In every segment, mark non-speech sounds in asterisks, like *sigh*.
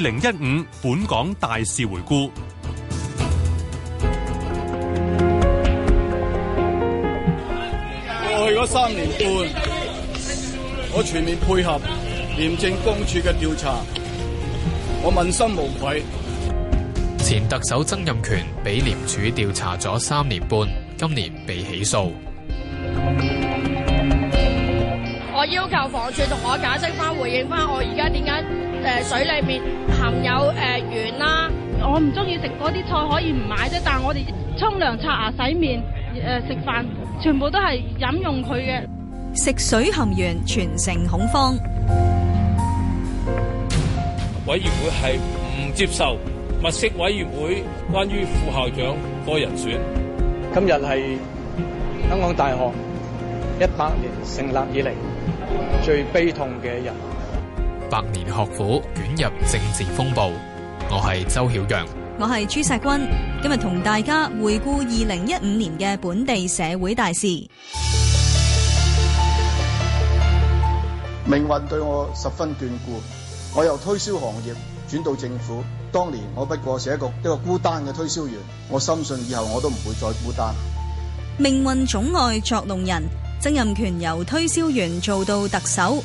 二零一五，2015, 本港大事回顧。過去嗰三年半，我全面配合廉政公署嘅調查，我問心無愧。前特首曾蔭權俾廉署調查咗三年半，今年被起訴。我要求房署同我解釋返、回應返，我而家點解？誒，水裏面含有誒鉛啦，我唔中意食嗰啲菜，可以唔買啫。但係我哋沖涼、刷牙、洗面、誒、呃、食飯，全部都係飲用佢嘅。食水含鉛，全城恐慌。委員會係唔接受物色委員會關於副校長個人選。今日係香港大學一百年成立以嚟最悲痛嘅人。百年學府捲入政治風暴，我係周曉陽，我係朱石君，今日同大家回顧二零一五年嘅本地社會大事。命運對我十分眷顧，我由推銷行業轉到政府。當年我不過是一個孤單嘅推銷員，我深信以後我都唔會再孤單。命運總愛作弄人，曾蔭權由推銷員做到特首。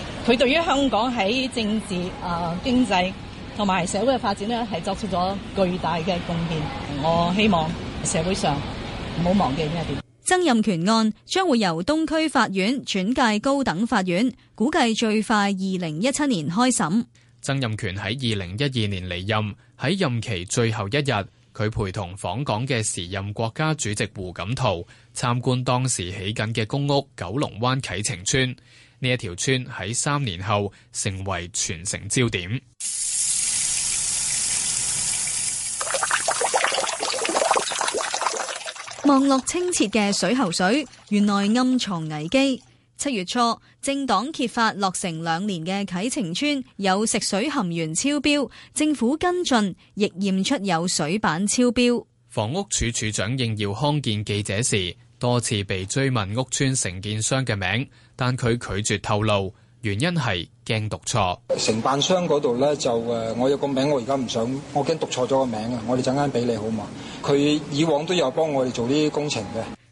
佢對於香港喺政治、啊經濟同埋社會嘅發展呢係作出咗巨大嘅貢獻。我希望社會上唔好忘記呢點。曾蔭權案將會由東區法院轉介高等法院，估計最快二零一七年開審。曾蔭權喺二零一二年離任，喺任期最後一日，佢陪同訪港嘅時任國家主席胡錦濤參觀當時起緊嘅公屋——九龍灣啟晴邨。呢一條村喺三年後成為全城焦點。望落清澈嘅水喉水，原來暗藏危機。七月初，政黨揭發落成兩年嘅啟晴邨有食水含鉛超標，政府跟進亦驗出有水板超標。房屋署署長應耀康見記者時，多次被追問屋村承建商嘅名。但佢拒絕透露原因，係驚讀錯。承辦商嗰度咧就誒，我有個名，我而家唔想，我驚讀錯咗個名啊！我哋陣間俾你好嘛？佢以往都有幫我哋做啲工程嘅。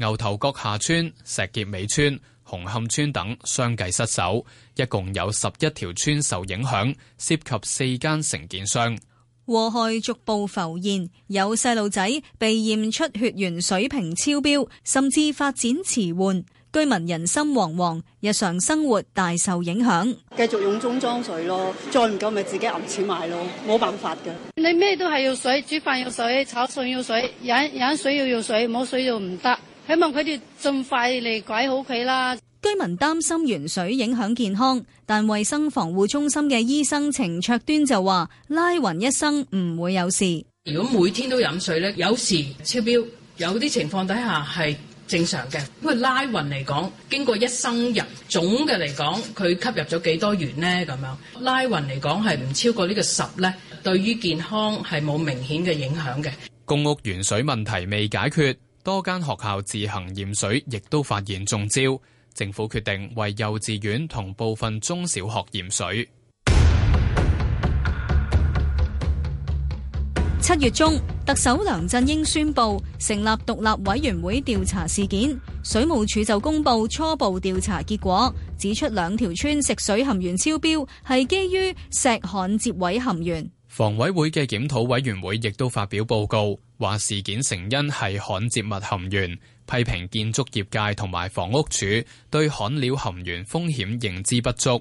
牛頭角下村、石硖尾村、紅磡村等相繼失守，一共有十一條村受影響，涉及四間承建商。禍害逐步浮現，有細路仔被驗出血源水平超標，甚至發展遲緩，居民人心惶惶，日常生活大受影響。繼續用中裝水咯，再唔夠咪自己揞錢買咯，冇辦法噶。你咩都係要水，煮飯要水，炒餸要水，飲飲水要要水，冇水就唔得。希望佢哋盡快嚟改好佢啦。居民擔心鉛水影響健康，但衛生防護中心嘅醫生程卓端就話：拉勻一生唔會有事。如果每天都飲水咧，有時超標，有啲情況底下係正常嘅。因為拉勻嚟講，經過一生人總嘅嚟講，佢吸入咗幾多鉛呢？咁樣拉勻嚟講係唔超過呢個十咧，對於健康係冇明顯嘅影響嘅。公屋鉛水問題未解決。多間學校自行驗水，亦都發現中招。政府決定為幼稚園同部分中小學驗水。七月中，特首梁振英宣布成立獨立委員會調查事件。水務署就公布初步調查結果，指出兩條村食水含鉛超標，係基於石旱接位含鉛。房委會嘅檢討委員會亦都發表報告。話事件成因係焊接物含鉛，批評建築業界同埋房屋署對焊料含鉛風險認知不足。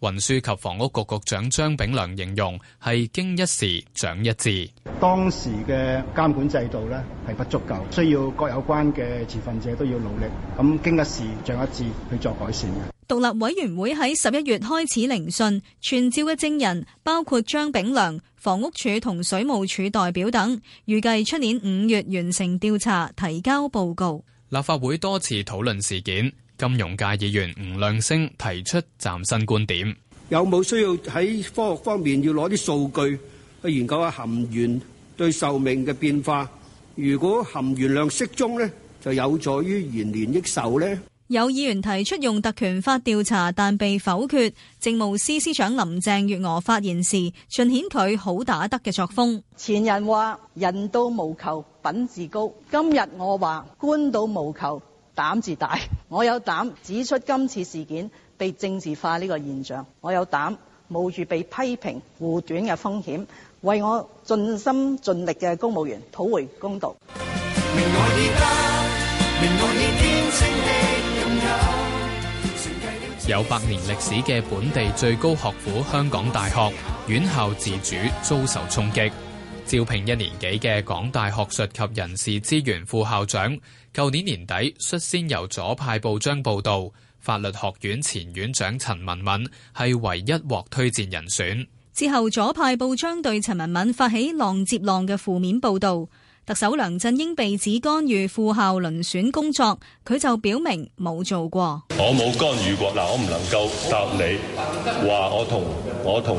運輸及房屋局局長張炳良形容係經一事長一智，當時嘅監管制度呢，係不足夠，需要各有關嘅持份者都要努力。咁經一事長一智去作改善嘅。獨立委員會喺十一月開始聆訊，傳召嘅證人，包括張炳良、房屋署同水務署代表等，預計出年五月完成調查，提交報告。立法會多次討論事件。金融界議員吳亮星提出嶄新觀點，有冇需要喺科學方面要攞啲數據去研究下含鉛對壽命嘅變化？如果含鉛量適中呢，就有助於延年益壽呢。」有議員提出用特權法調查，但被否決。政務司司長林鄭月娥發言時，盡顯佢好打得嘅作風。前人話人到無求，品自高，今日我話官到無求，膽子大，我有膽指出今次事件被政治化呢個現象，我有膽冒住被批評、護短嘅風險，為我盡心盡力嘅公務員討回公道。有百年歷史嘅本地最高學府香港大學，院校自主遭受衝擊，招聘一年幾嘅港大學術及人事資源副校長。舊年年底，率先由左派報章報導，法律學院前院長陳文敏係唯一獲推薦人選。之後，左派報章對陳文敏發起浪接浪嘅負面報導。特首梁振英被指干預副校遴選工作，佢就表明冇做過。我冇干預過，嗱，我唔能夠答你話我同我同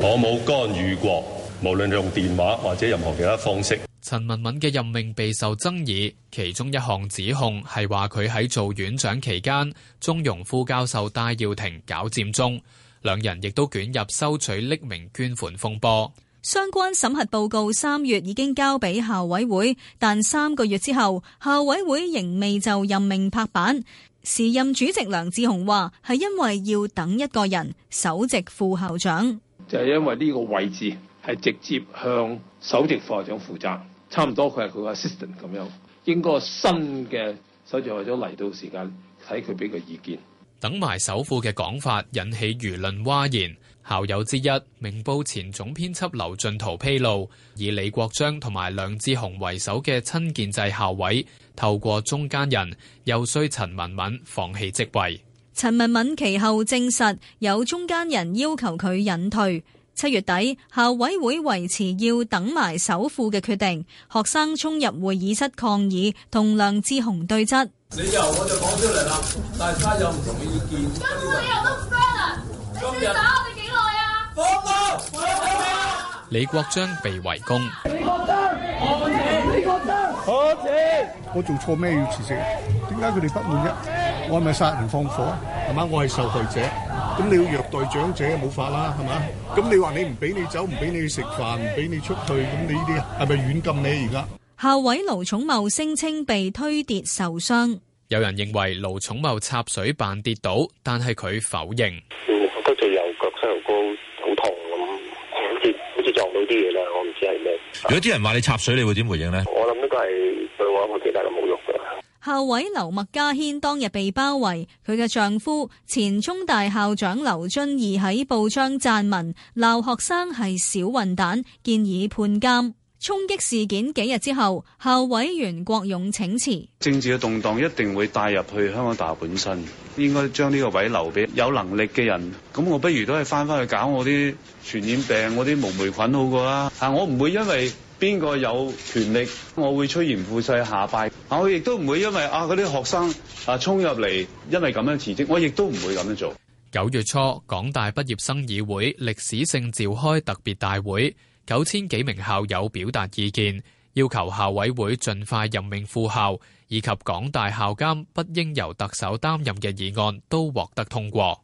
我冇干預過。無論用電話或者任何其他方式，陳文敏嘅任命備受爭議。其中一項指控係話佢喺做院長期間，縱容副教授戴耀廷搞佔中，兩人亦都捲入收取匿名捐款風波。相關審核報告三月已經交俾校委會，但三個月之後校委會仍未就任命拍板。時任主席梁智鴻話係因為要等一個人，首席副校長就係因為呢個位置。係直接向首席校長負責，差唔多佢係佢 assistant 咁樣。應該新嘅首席校長嚟到時間，睇佢俾佢意見。等埋首富嘅講法引起輿論嘩然，校友之一明報前總編輯劉進圖披露，以李國章同埋梁智雄為首嘅親建制校委，透過中間人又需陳文敏放棄職位。陳文敏其後證實有中間人要求佢引退。七月底，校委會維持要等埋首副嘅決定，學生衝入會議室抗議，同梁志雄對質。理由我就講出嚟啦，大家有唔同嘅意見。根本嘅理由都唔對啦。今日打我哋幾耐啊？放波，我哋放波。李國章被圍攻。李國章，我哋，李國章，我哋。我做錯咩要辭職？點解佢哋不滿啫？我係咪殺人放火啊？係嘛？我係受害者。咁你要虐待長者冇法啦，係嘛？咁你話你唔俾你走，唔俾你食飯，唔俾你出去，咁你呢啲係咪軟禁你而家？校委盧寵茂聲稱被推跌受傷，有人認為盧寵茂插水扮跌倒，但係佢否認。嗯、我覺得就右腳膝頭哥好痛咁，好似好似撞到啲嘢啦，我唔知係咩。如果啲人話你插水，你會點回應咧？我諗呢個係。校委劉麥嘉軒當日被包圍，佢嘅丈夫前中大校長劉遵義喺報章撰文鬧學生係小混蛋，建議判監。衝擊事件幾日之後，校委袁國勇請辭。政治嘅動蕩一定會帶入去香港大學本身，應該將呢個位留俾有能力嘅人。咁我不如都係翻翻去搞我啲傳染病，我啲毛霉菌好過啦。但我唔會因為。邊個有權力？我會趨炎附勢下拜。我亦都唔會因為啊嗰啲學生啊衝入嚟，因為咁樣辭職，我亦都唔會咁樣做。九月初，港大畢業生議會歷史性召開特別大會，九千幾名校友表達意見，要求校委會盡快任命副校，以及港大校監不應由特首擔任嘅議案，都獲得通過。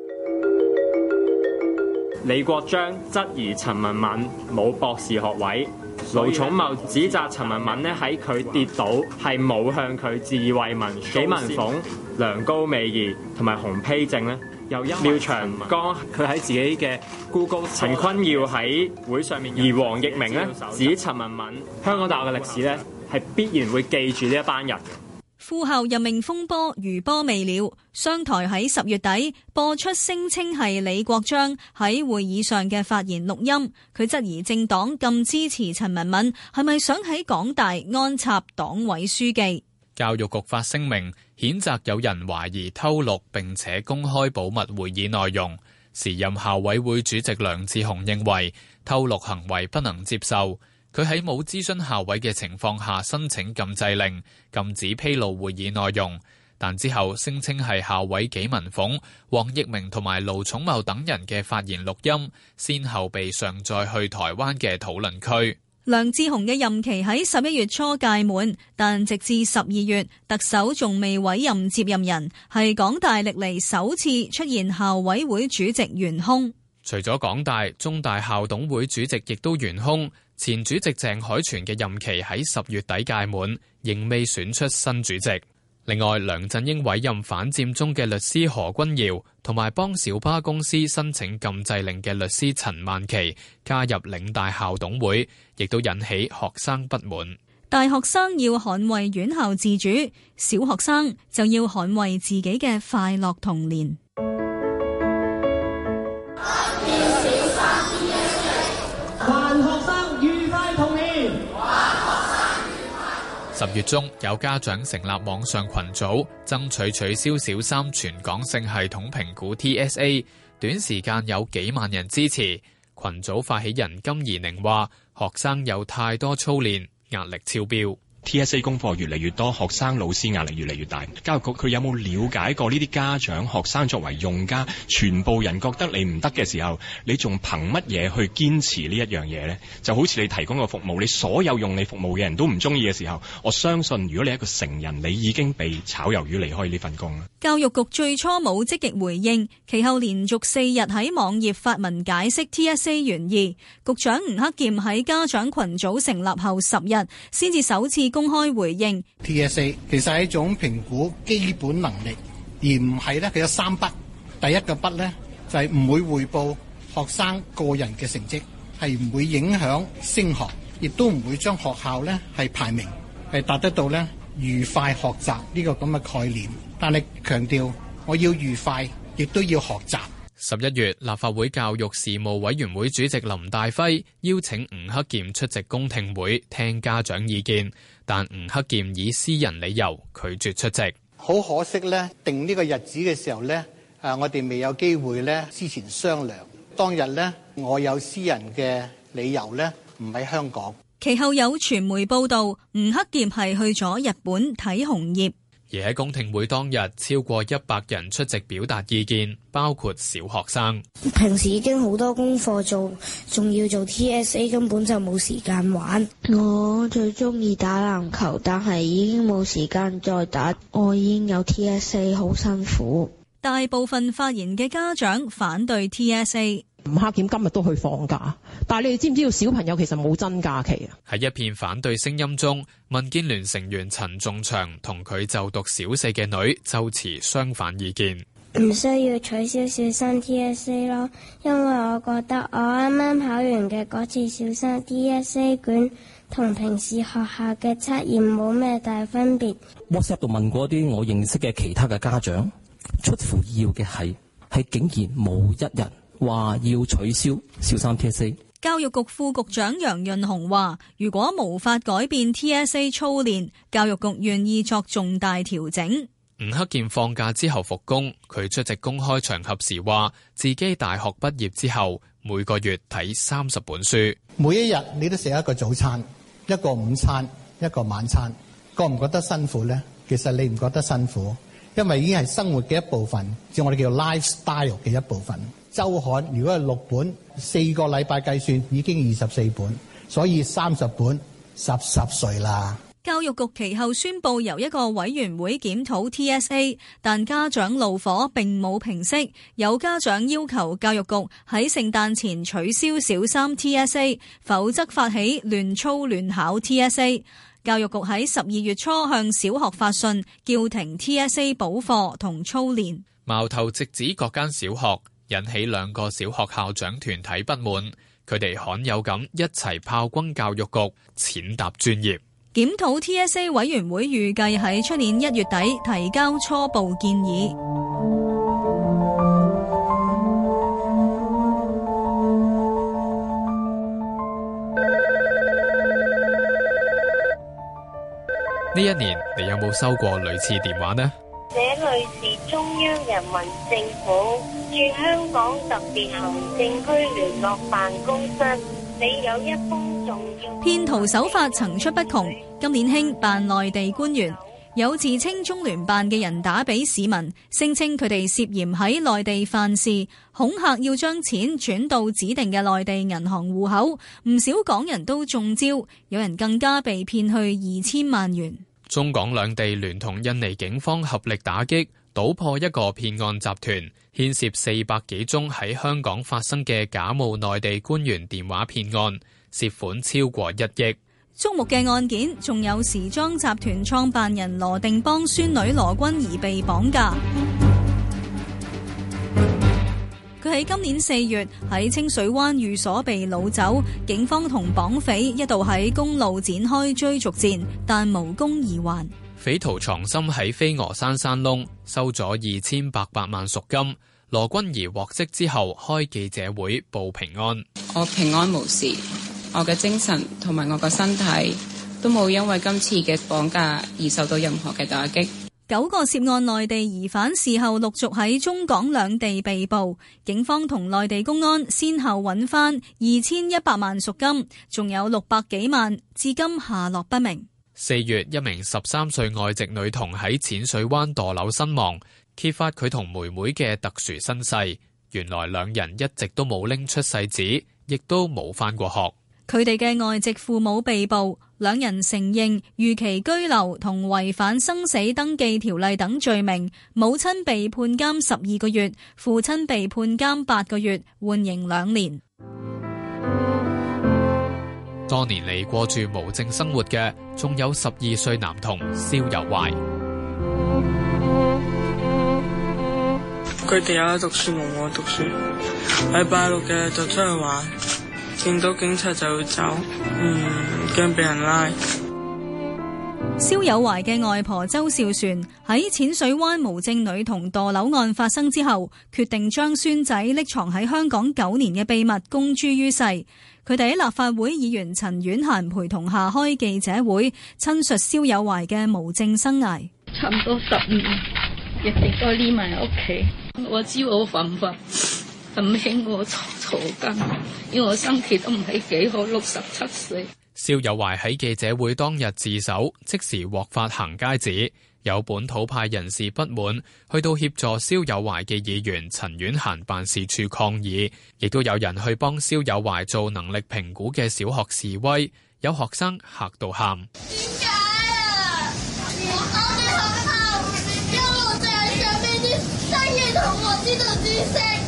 李國章質疑陳文敏冇博士學位，盧寵茂指責陳文敏咧喺佢跌倒係冇哇向佢致慰問。紀文鳳、梁高美儀同埋洪丕正咧，又一廖長江佢喺自己嘅 Google。陳坤耀喺會上面，而黃奕明咧指陳文敏但 香港大學嘅歷史咧，係必然會記住呢一班人。副校任命風波餘波未了，商台喺十月底播出聲稱係李國章喺會議上嘅發言錄音，佢質疑政黨咁支持陳文敏，係咪想喺港大安插黨委書記？教育局發聲明譴責有人懷疑偷錄，並且公開保密會議內容。時任校委會主席梁志雄認為偷錄行為不能接受。佢喺冇諮詢校委嘅情況下申請禁制令，禁止披露會議內容。但之後聲稱係校委紀文鳳、黃益明同埋盧寵茂等人嘅發言錄音，先後被上載去台灣嘅討論區。梁志雄嘅任期喺十一月初屆滿，但直至十二月特首仲未委任接任人，係港大歷嚟首次出現校委會主席懸空。除咗港大，中大校董會主席亦都懸空。前主席鄭海泉嘅任期喺十月底屆滿，仍未選出新主席。另外，梁振英委任反佔中嘅律師何君堯，同埋幫小巴公司申請禁制令嘅律師陳曼琪加入領大校董會，亦都引起學生不滿。大學生要捍衛院校自主，小學生就要捍衛自己嘅快樂童年。十月中有家長成立網上群組，爭取取消小三全港性系統評估 TSA，短時間有幾萬人支持。群組發起人金怡寧話：學生有太多操練，壓力超標。T.S.A. 功課越嚟越多，學生老師壓力越嚟越大。教育局佢有冇了解過呢啲家長學生作為用家，全部人覺得你唔得嘅時候，你仲憑乜嘢去堅持呢一樣嘢呢？就好似你提供個服務，你所有用你服務嘅人都唔中意嘅時候，我相信如果你係一個成人，你已經被炒魷魚離開呢份工。教育局最初冇積極回應，其後連續四日喺網頁發文解釋 T.S.A. 原意。局長吳克儉喺家長群組成立後十日，先至首次公開回應 TSA 其實係一種評估基本能力，而唔係咧。佢有三筆，第一個筆咧就係、是、唔會匯報學生個人嘅成績，係唔會影響升學，亦都唔會將學校咧係排名係達得到咧愉快學習呢個咁嘅概念。但係強調我要愉快，亦都要學習。十一月，立法會教育事務委員會主席林大輝邀請吳克儉出席公聽會，聽家長意見。但吳克儉以私人理由拒絕出席。好可惜呢，定呢個日子嘅時候呢，誒，我哋未有機會呢，之前商量。當日呢，我有私人嘅理由呢，唔喺香港。其後有傳媒報道，吳克儉係去咗日本睇紅葉。而喺公聽會當日，超過一百人出席表達意見，包括小學生。平時已經好多功課做，仲要做 TSA，根本就冇時間玩。我最中意打籃球，但係已經冇時間再打。我已經有 TSA，好辛苦。大部分發言嘅家長反對 TSA。吳克儉，今日都去放假，但係你哋知唔知道，小朋友其實冇真假期啊。喺一片反對聲音中，民建聯成員陳仲祥同佢就讀小四嘅女就持相反意見，唔需要取消小三 TSA 咯，因為我覺得我啱啱考完嘅嗰次小三 TSA 卷同平時學校嘅測驗冇咩大分別。WhatsApp 度問過啲我認識嘅其他嘅家長，出乎意料嘅係係竟然冇一人。話要取消小三 T.S.A. 教育局副局長楊潤雄話，如果無法改變 T.S.A. 操練，教育局願意作重大調整。吳克健放假之後復工，佢出席公開場合時話，自己大學畢業之後每個月睇三十本書，每一日你都食一個早餐、一個午餐、一個晚餐，覺唔覺得辛苦呢？其實你唔覺得辛苦，因為已經係生活嘅一部分，即叫我哋叫 lifestyle 嘅一部分。周刊如果係六本，四個禮拜計算已經二十四本，所以三十本十十歲啦。教育局其後宣佈由一個委員會檢討 TSA，但家長怒火並冇平息，有家長要求教育局喺聖誕前取消小三 TSA，否則發起亂操亂考 TSA。教育局喺十二月初向小學發信，叫停 TSA 補課同操練，矛頭直指各間小學。引起兩個小學校長團體不滿，佢哋罕有咁一齊炮轟教育局，踐踏專業。檢討 TSA 委員會預計喺出年一月底提交初步建議。呢一年你有冇收過類似電話呢？這裏是中央人民政府駐香港特別行政區聯絡辦公室，你有一封重要。騙徒手法層出不窮，今年興扮內地官員，有自稱中聯辦嘅人打俾市民，聲稱佢哋涉嫌喺內地犯事，恐嚇要將錢轉到指定嘅內地銀行戶口，唔少港人都中招，有人更加被騙去二千萬元。中港兩地聯同印尼警方合力打擊，搗破一個騙案集團，牽涉四百幾宗喺香港發生嘅假冒內地官員電話騙案，涉款超過一億。觸目嘅案件仲有時裝集團創辦人羅定邦孫女羅君兒被綁架。佢喺今年四月喺清水灣寓所被擄走，警方同綁匪一度喺公路展開追逐戰，但無功而還。匪徒藏身喺飛鵝山山窿，收咗二千八百萬贖金。羅君兒獲釋之後開記者會報平安。我平安無事，我嘅精神同埋我嘅身體都冇因為今次嘅綁架而受到任何嘅打擊。九個涉案內地疑犯事後陸續喺中港兩地被捕，警方同內地公安先後揾翻二千一百萬贖金，仲有六百幾萬，至今下落不明。四月，一名十三歲外籍女童喺淺水灣墮樓身亡，揭發佢同妹妹嘅特殊身世。原來兩人一直都冇拎出世紙，亦都冇翻過學。佢哋嘅外籍父母被捕，兩人承認逾期居留同違反生死登記條例等罪名。母親被判監十二個月，父親被判監八個月，緩刑兩年。多年嚟過住無證生活嘅，仲有十二歲男童肖友懷。佢哋有讀書，同我讀書，禮拜六嘅就出去玩。見到警察就要走，嗯，驚俾人拉。肖友懷嘅外婆周少璇喺淺水灣無證女童墮樓案發生之後，決定將孫仔匿藏喺香港九年嘅秘密公諸於世。佢哋喺立法會議員陳婉嫻陪，陪同下開記者會，親述肖友懷嘅無證生涯。差唔多十年，一直都匿埋屋企。我知我犯唔犯？ *laughs* 唔係我坐監，而我生期都唔係幾好，六十七歲。肖友懷喺記者會當日自首，即時獲發行街紙。有本土派人士不滿，去到協助肖友懷嘅議員陳婉嫻辦事處抗議，亦都有人去幫肖友懷做能力評估嘅小學示威，有學生嚇到喊。點解啊？因為我哋學校一路就係想俾啲新嘅同學知道知識。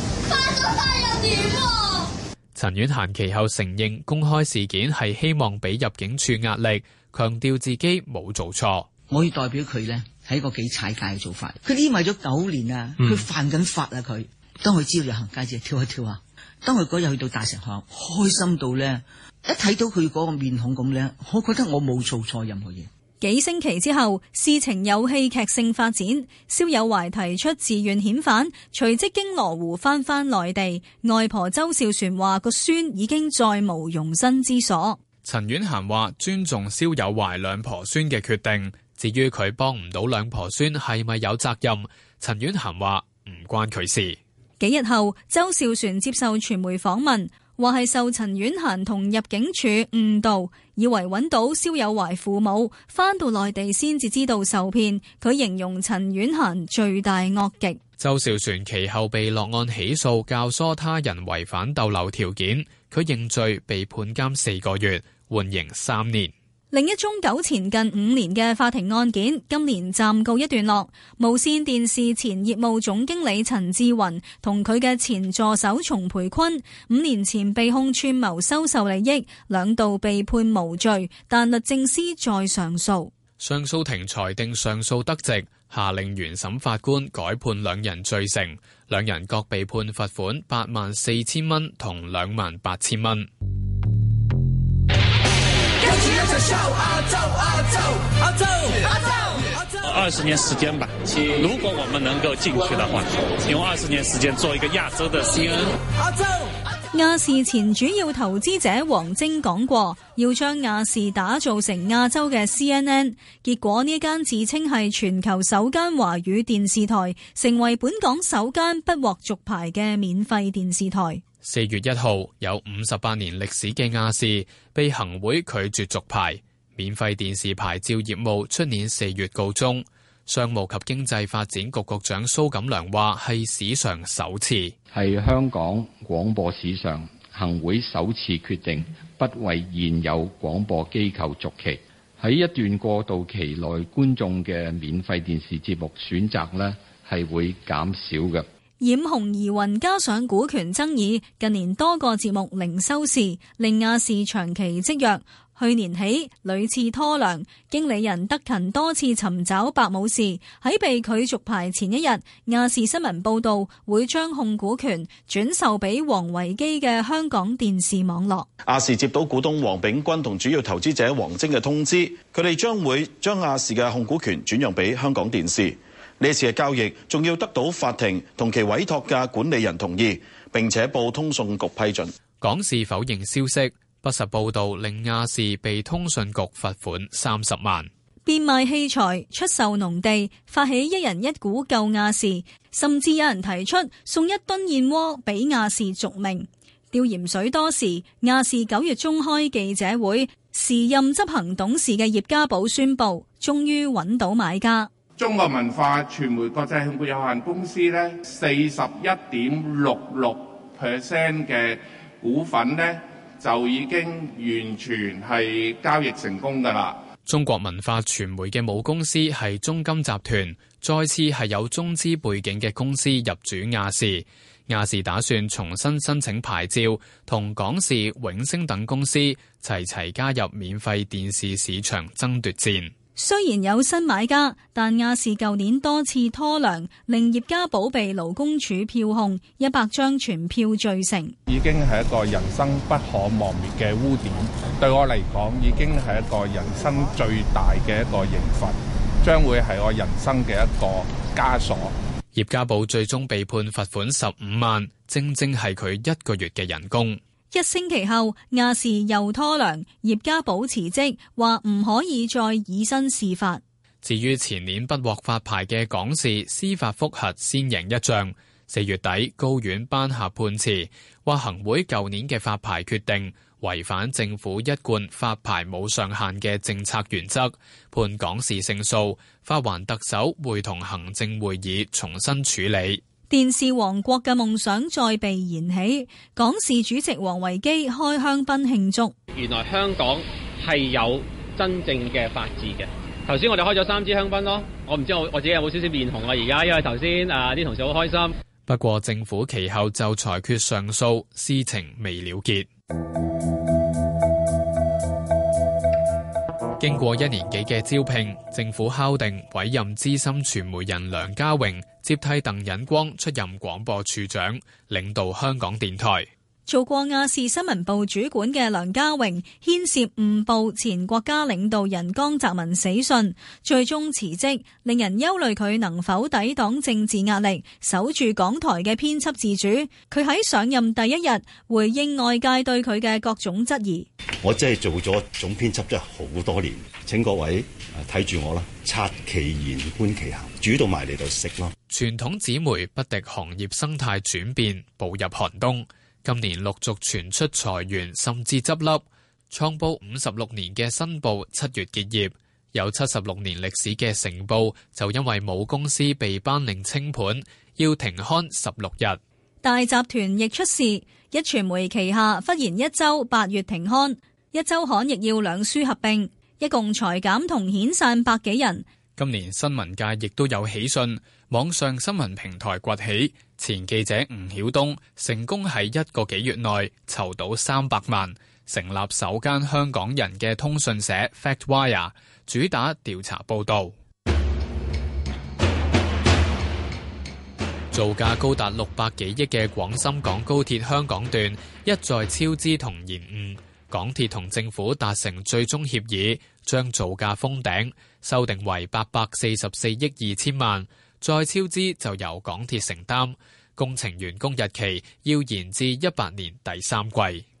陳婉嫻其後承認公開事件係希望俾入境處壓力，強調自己冇做錯。我要代表佢咧，係一個幾踩界嘅做法。佢匿埋咗九年啊，佢犯緊法啊，佢。當佢朝日行街者跳一跳啊，當佢嗰日去到大石巷，校，開心到咧，一睇到佢嗰個面孔咁咧，我覺得我冇做錯任何嘢。幾星期之後，事情有戲劇性發展，肖友懷提出自願遣返，隨即經羅湖翻返內地。外婆周少璇話個孫已經再無容身之所。陳婉嫻話尊重肖友懷兩婆孫嘅決定，至於佢幫唔到兩婆孫係咪有責任，陳婉嫻話唔關佢事。幾日後，周少璇接受傳媒訪問。話係受陳婉嫻同入境處誤導，以為揾到肖友懷父母，翻到內地先至知道受騙。佢形容陳婉嫻罪大惡極。周兆璇其後被落案起訴，教唆他人違反逗留條件，佢認罪被判監四個月，緩刑三年。另一宗糾纏近五年嘅法庭案件，今年暫告一段落。無綫電視前業務總經理陳志雲同佢嘅前助手叢培坤，五年前被控串謀收受利益，兩度被判無罪，但律政司再上訴。上訴庭裁定上訴得直，下令原審法官改判兩人罪成，兩人各被判罰款八萬四千蚊同兩萬八千蚊。亞洲，亞洲，亞洲，亞洲，二十年時間吧。如果我們能夠進去的話，請用二十年時間做一個亞洲的 CNN。亞洲，亞視前主要投資者王征講過，要將亞視打造成亞洲嘅 CNN。結果呢一間自稱係全球首間華語電視台，成為本港首間不獲續牌嘅免費電視台。四月一號，有五十八年歷史嘅亞視被行會拒絕續牌，免費電視牌照業務出年四月告終。商務及經濟發展局局長蘇錦良話，係史上首次，係香港廣播史上行會首次決定不為現有廣播機構續期。喺一段過渡期內，觀眾嘅免費電視節目選擇呢係會減少嘅。染紅疑雲，加上股權爭議，近年多個節目零收視，令亞視長期積弱。去年起屢次拖糧，經理人德勤多次尋找白武士。喺被拒續牌前一日，亞視新聞報道會將控股權轉售俾王維基嘅香港電視網絡。亞視接到股東黃炳均同主要投資者王征嘅通知，佢哋將會將亞視嘅控股權轉讓俾香港電視。呢次嘅交易仲要得到法庭同其委托嘅管理人同意，並且報通訊局批准。港視否認消息，不實報道令亞視被通訊局罰款三十萬。變賣器材、出售農地、發起一人一股救亞視，甚至有人提出送一噸燕窩俾亞視續命。吊鹽水多時，亞視九月中開記者會，時任執行董事嘅葉家寶宣布，終於揾到買家。中國文化傳媒國際控股有限公司呢，四十一點六六 percent 嘅股份呢就已經完全係交易成功㗎啦。中國文化傳媒嘅母公司係中金集團，再次係有中資背景嘅公司入主亞視。亞視打算重新申請牌照，同港視、永升等公司齊齊加入免費電視市場爭奪戰。雖然有新買家，但亞視舊年多次拖糧，令葉家寶被勞工處票控，一百張全票罪成，已經係一個人生不可磨滅嘅污點。對我嚟講，已經係一個人生最大嘅一個刑罰，將會係我人生嘅一個枷鎖。葉家寶最終被判罰款十五萬，正正係佢一個月嘅人工。一星期後，亞視又拖糧，葉家寶辭職，話唔可以再以身試法。至於前年不獲發牌嘅港視司法複核，先贏一仗。四月底，高院頒下判詞，話行會舊年嘅發牌決定違反政府一貫發牌冇上限嘅政策原則，判港視勝訴，發還特首會同行政會議重新處理。電視王國嘅夢想再被燃起，港視主席王維基開香檳慶祝。原來香港係有真正嘅法治嘅。頭先我哋開咗三支香檳咯，我唔知我我自己有冇少少面紅啊而家，因為頭先啊啲同事好開心。不過政府其後就裁決上訴，事情未了結。經過一年幾嘅招聘，政府敲定委任資深傳媒人梁家榮接替鄧忍光出任廣播處長，領導香港電台。做過亞視新聞部主管嘅梁家榮，牽涉誤報前國家領導人江澤民死訊，最終辭職，令人憂慮佢能否抵擋政治壓力，守住港台嘅編輯自主。佢喺上任第一日回應外界對佢嘅各種質疑：我真係做咗總編輯，即係好多年，請各位睇住我啦，察其言觀其行，煮到埋嚟度食咯。傳統紙媒不敵行業生態轉變，步入寒冬。今年陸續傳出裁員甚至執笠，創報五十六年嘅新報七月結業，有七十六年歷史嘅成報就因為母公司被頒令清盤，要停刊十六日。大集團亦出事，一傳媒旗下忽然一周八月停刊，一周刊亦要兩書合併，一共裁減同遣散百幾人。今年新聞界亦都有喜訊，網上新聞平台崛起。前記者吳曉東成功喺一個幾月內籌到三百萬，成立首間香港人嘅通訊社 FactWire，主打調查報道。 *noise* 造價高達六百幾億嘅廣深港高鐵香港段一再超支同延誤，港鐵同政府達成最終協議，將造價封頂修訂為八百四十四億二千萬。再超支就由港鐵承擔，工程完工日期要延至一八年第三季。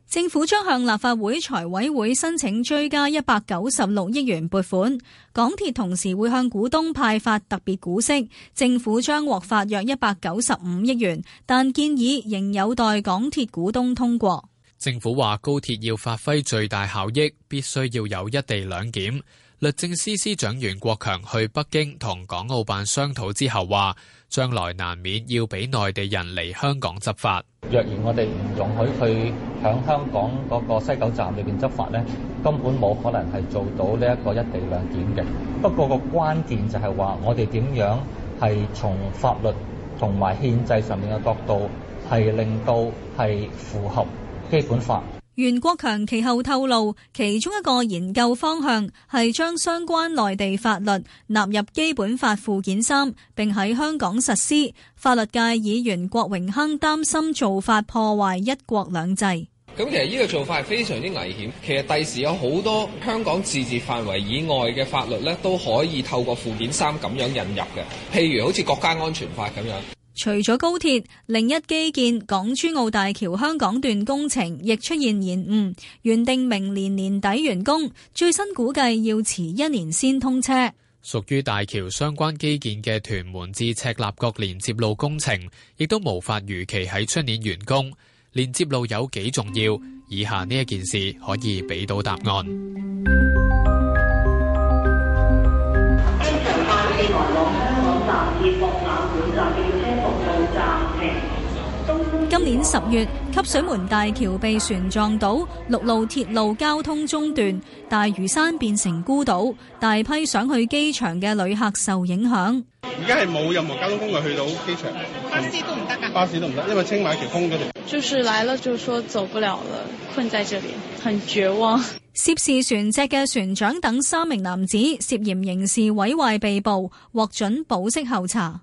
政府將向立法會財委會申請追加一百九十六億元撥款，港鐵同時會向股東派發特別股息。政府將獲發約一百九十五億元，但建議仍有待港鐵股東通過。政府話高鐵要發揮最大效益，必須要有一地兩檢。律政司司長袁國強去北京同港澳辦商討之後話，將來難免要俾內地人嚟香港執法。若然我哋唔容許佢響香港嗰個西九站裏邊執法呢，根本冇可能係做到呢一個一地兩檢嘅。不過個關鍵就係話，我哋點樣係從法律同埋憲制上面嘅角度，係令到係符合基本法。袁國強其後透露，其中一個研究方向係將相關內地法律納入基本法附件三，並喺香港實施。法律界議員郭榮鏗擔心做法破壞一國兩制。咁其實呢個做法係非常之危險。其實第時有好多香港自治範圍以外嘅法律呢，都可以透過附件三咁樣引入嘅。譬如好似國家安全法咁樣。除咗高鐵，另一基建港珠澳大橋香港段工程亦出現延誤，原定明年年底完工，最新估計要遲一年先通車。屬於大橋相關基建嘅屯門至赤鱲角連接路工程，亦都無法如期喺出年完工。連接路有幾重要？以下呢一件事可以俾到答案。今年十月，汲水門大橋被船撞倒，陸路鐵路交通中斷，大嶼山變成孤島，大批想去機場嘅旅客受影響。而家係冇任何交通工具去到機場，巴士都唔得㗎，巴士都唔得，因為青馬橋封咗嗰度。就是來了就說走不了了，困在這裏，很絕望。涉事船隻嘅船長等三名男子涉嫌刑事毀壞被捕，獲准保釋候查。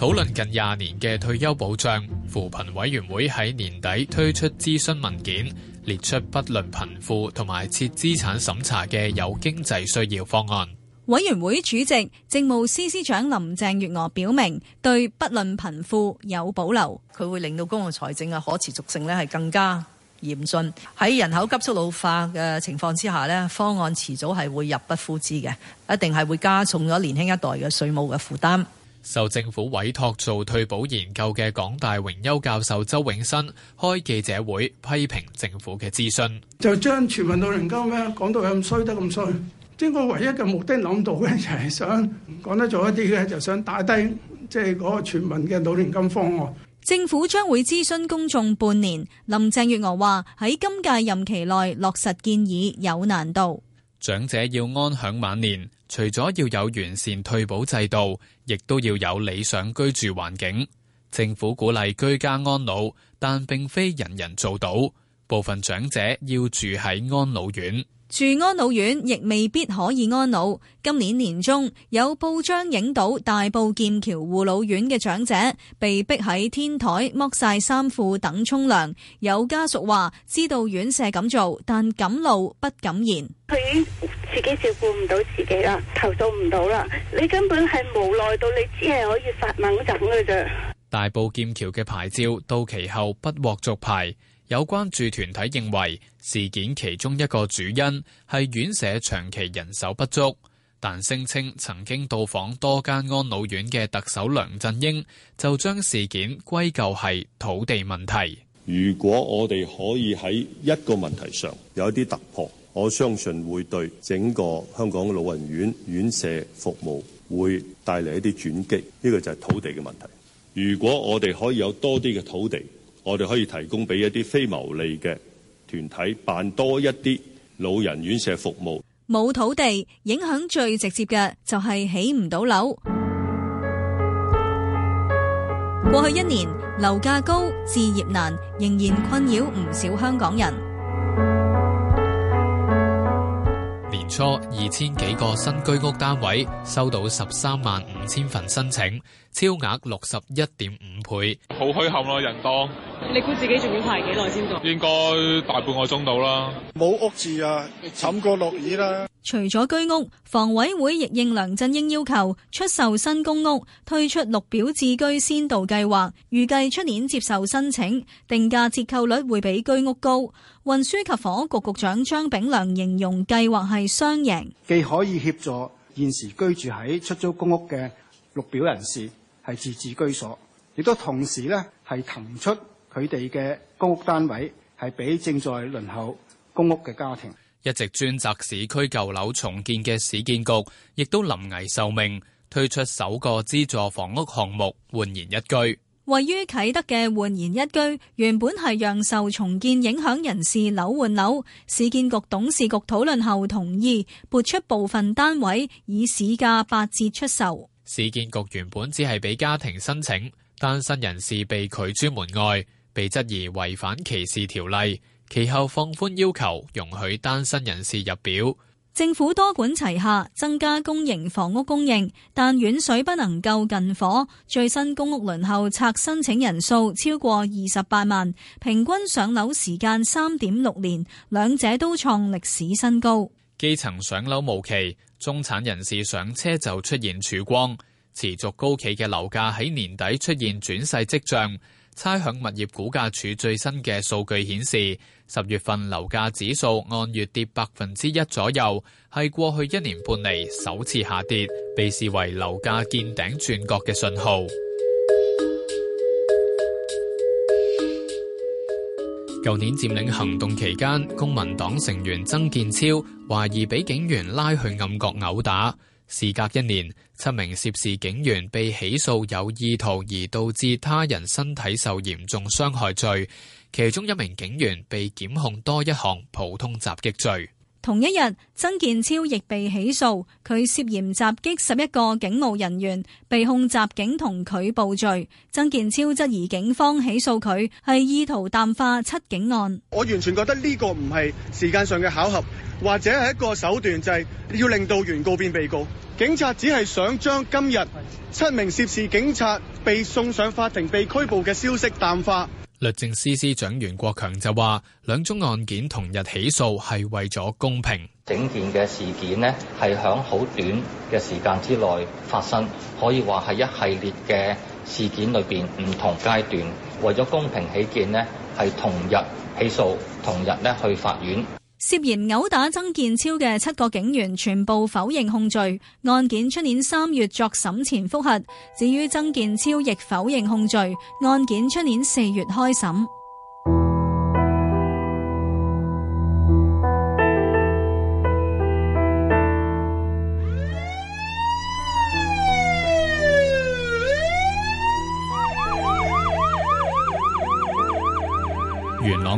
討論近廿年嘅退休保障扶貧委員會喺年底推出諮詢文件，列出不論貧富同埋設資產審查嘅有經濟需要方案。委員會主席、政務司司長林鄭月娥表明，對不論貧富有保留。佢會令到公共財政嘅可持續性呢係更加嚴峻。喺人口急速老化嘅情況之下呢，方案遲早係會入不敷支嘅，一定係會加重咗年輕一代嘅稅務嘅負擔。受政府委託做退保研究嘅港大榮休教授周永新開記者會批評政府嘅諮詢，就將全民老年金咧，講到咁衰得咁衰，即係我唯一嘅目的諗到嘅，就係想講得做一啲嘅，就想打低即係嗰個全民嘅老年金方案。政府將會諮詢公眾半年，林鄭月娥話喺今屆任期內落實建議有難度，長者要安享晚年。除咗要有完善退保制度，亦都要有理想居住環境。政府鼓勵居家安老，但並非人人做到，部分長者要住喺安老院。住安老院亦未必可以安老。今年年中有報章影到大埔劍橋護老院嘅長者被逼喺天台剝晒衫褲等沖涼，有家屬話知道院舍咁做，但敢怒不敢言。佢自己照顧唔到自己啦，投訴唔到啦，你根本係無奈到你只係可以發矇震嘅啫。大埔劍橋嘅牌照到期後不獲續牌。有關注團體認為事件其中一個主因係院舍長期人手不足，但聲稱曾經到訪多間安老院嘅特首梁振英就將事件歸咎係土地問題。如果我哋可以喺一個問題上有一啲突破，我相信會對整個香港老人院院舍服務會帶嚟一啲轉機。呢個就係土地嘅問題。如果我哋可以有多啲嘅土地。我哋可以提供俾一啲非牟利嘅團體辦多一啲老人院舍服務。冇土地，影響最直接嘅就係起唔到樓。過去一年樓價高，置業難，仍然困擾唔少香港人。年初，二千幾個新居屋單位收到十三萬五千份申請，超額六十一點五倍。好墟冚咯，人多。你估自己仲要排幾耐先到？應該大半個鐘到啦。冇屋住啊，慘過落雨啦。除咗居屋，房委會亦應梁振英要求出售新公屋，推出綠表置居先導計劃，預計出年接受申請，定價折扣率會比居屋高。運輸及房屋局局長張炳良形容計劃係雙贏，既可以協助現時居住喺出租公屋嘅綠表人士係自置居所，亦都同時咧係騰出。佢哋嘅公屋單位係俾正在輪候公屋嘅家庭。一直專責市區舊樓重建嘅市建局，亦都臨危受命推出首個資助房屋項目。煥然一居，位於啟德嘅煥然一居原本係讓受重建影響人士樓換樓。市建局董事局討論後同意撥出部分單位以市價八折出售。市建局原本只係俾家庭申請，單身人士被拒諸門外，被質疑違反歧視條例，其後放寬要求，容許單身人士入表。政府多管齊下，增加公營房屋供應，但遠水不能夠近火。最新公屋輪候冊申請人數超過二十八萬，平均上樓時間三點六年，兩者都創歷史新高。基層上樓無期，中產人士上車就出現曙光，持續高企嘅樓價喺年底出現轉勢跡象。差餉物業估價署最新嘅數據顯示，十月份樓價指數按月跌百分之一左右，係過去一年半嚟首次下跌，被視為樓價見頂轉角嘅信號。舊 *music* 年佔領行動期間，公民黨成員曾建超懷疑被警員拉去暗角毆打。事隔一年，七名涉事警員被起訴有意圖而導致他人身體受嚴重傷害罪，其中一名警員被檢控多一項普通襲擊罪。同一日，曾健超亦被起訴，佢涉嫌襲擊十一個警務人員，被控襲警同拒捕罪。曾健超質疑警方起訴佢係意圖淡化七警案。我完全覺得呢個唔係時間上嘅巧合，或者係一個手段，就係要令到原告變被告。警察只係想將今日七名涉事警察被送上法庭被拘捕嘅消息淡化。律政司司長袁國強就話，兩宗案件同日起訴係為咗公平。整件嘅事件呢係響好短嘅時間之內發生，可以話係一系列嘅事件裏邊唔同階段。為咗公平起見呢，係同日起訴，同日咧去法院。涉嫌毆打曾健超嘅七個警員全部否認控罪，案件出年三月作審前複核。至於曾健超亦否認控罪，案件出年四月開審。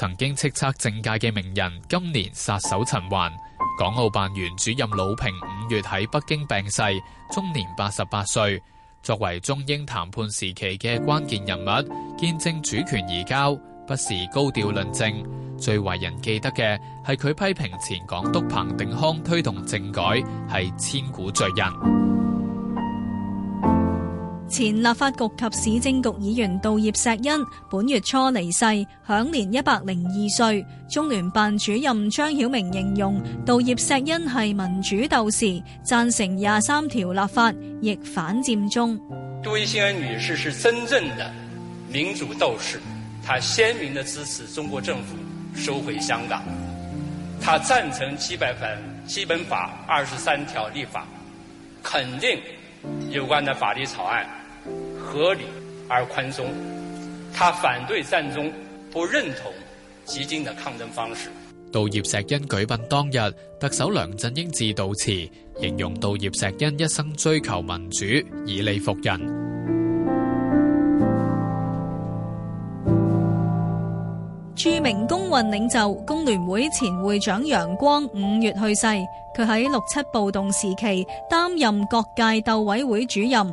曾經叱咤政界嘅名人，今年撒手塵寰。港澳辦原主任魯平五月喺北京病逝，終年八十八歲。作為中英談判時期嘅關鍵人物，見證主權移交，不時高調論政。最為人記得嘅係佢批評前港督彭定康推動政改，係千古罪人。前立法局及市政局議員杜葉錫恩本月初離世，享年一百零二歲。中聯辦主任張曉明形容杜葉錫恩係民主鬥士，贊成廿三條立法，亦反佔中。杜葉錫恩女士是真正的民主鬥士，她鮮明的支持中國政府收回香港，她贊成七百份基本法二十三條立法，肯定有關的法律草案，合理而寬鬆，他反對戰爭，不認同激進的抗爭方式。杜葉錫恩舉殯當日，特首梁振英致悼詞，形容杜葉錫恩一生追求民主，以利服人。著名工運領袖工聯會前會長楊光五月去世，佢喺六七暴動時期擔任各界鬥委會主任。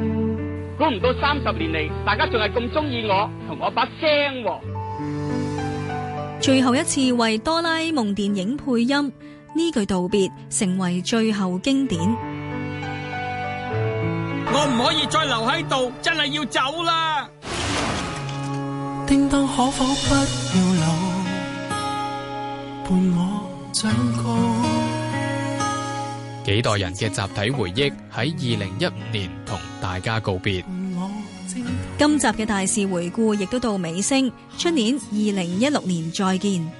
估唔到三十年嚟，大家仲係咁中意我同我把聲喎。最後一次為哆啦 A 夢電影配音，呢句道別成為最後經典。我唔可以再留喺度，真係要走啦。叮當，可否不要留，伴我長高？幾代人嘅集體回憶，喺二零一五年同大家告別。今集嘅大事回顧亦都到尾聲，出年二零一六年再見。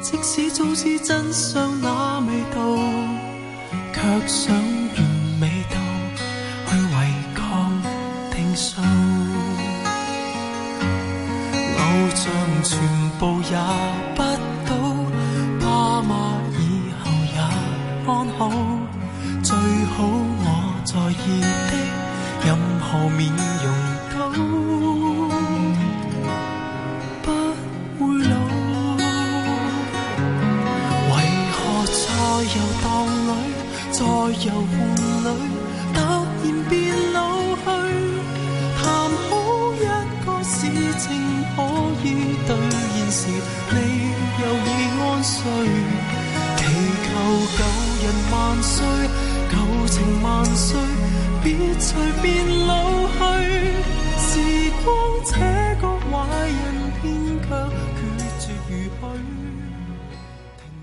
即使早知真相那味道，卻想完美到去違抗定數，偶像全部也不到，怕嗎？好，最好我在意的任何面容都不會老。為何在遊蕩裏，在遊玩裏，突然變老去？談好一個事情可以兌現時，你又已安睡。人萬歲，舊情萬歲，別隨便老去。時光且過。